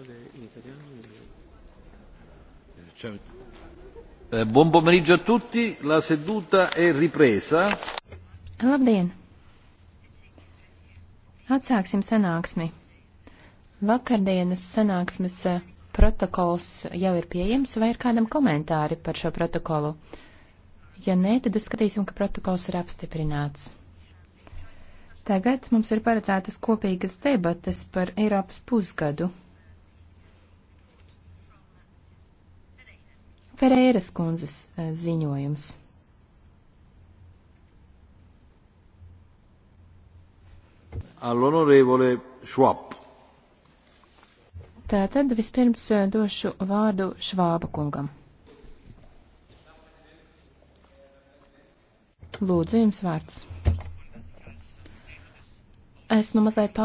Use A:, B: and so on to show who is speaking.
A: cose in italiano. E
B: eh, Ciao. Eh, buon pomeriggio a tutti, la seduta è ripresa.
C: Labdien! Atsāksim sanāksmi. Vakardienas sanāksmes eh, protokols jau ir pieejams, vai ir kādam komentāri par šo protokolu? Ja nē, tad uzskatīsim, ka protokols ir apstiprināts. Tagad mums ir paredzētas kopīgas debates par Eiropas pusgadu. Ferēras kundzes eh, ziņojums.
D: All'onorevole Schwab.
C: Tātad vispirms eh, došu vārdu Švāba kungam. Lūdzu, jums vārds. Esmu mazliet pārāk.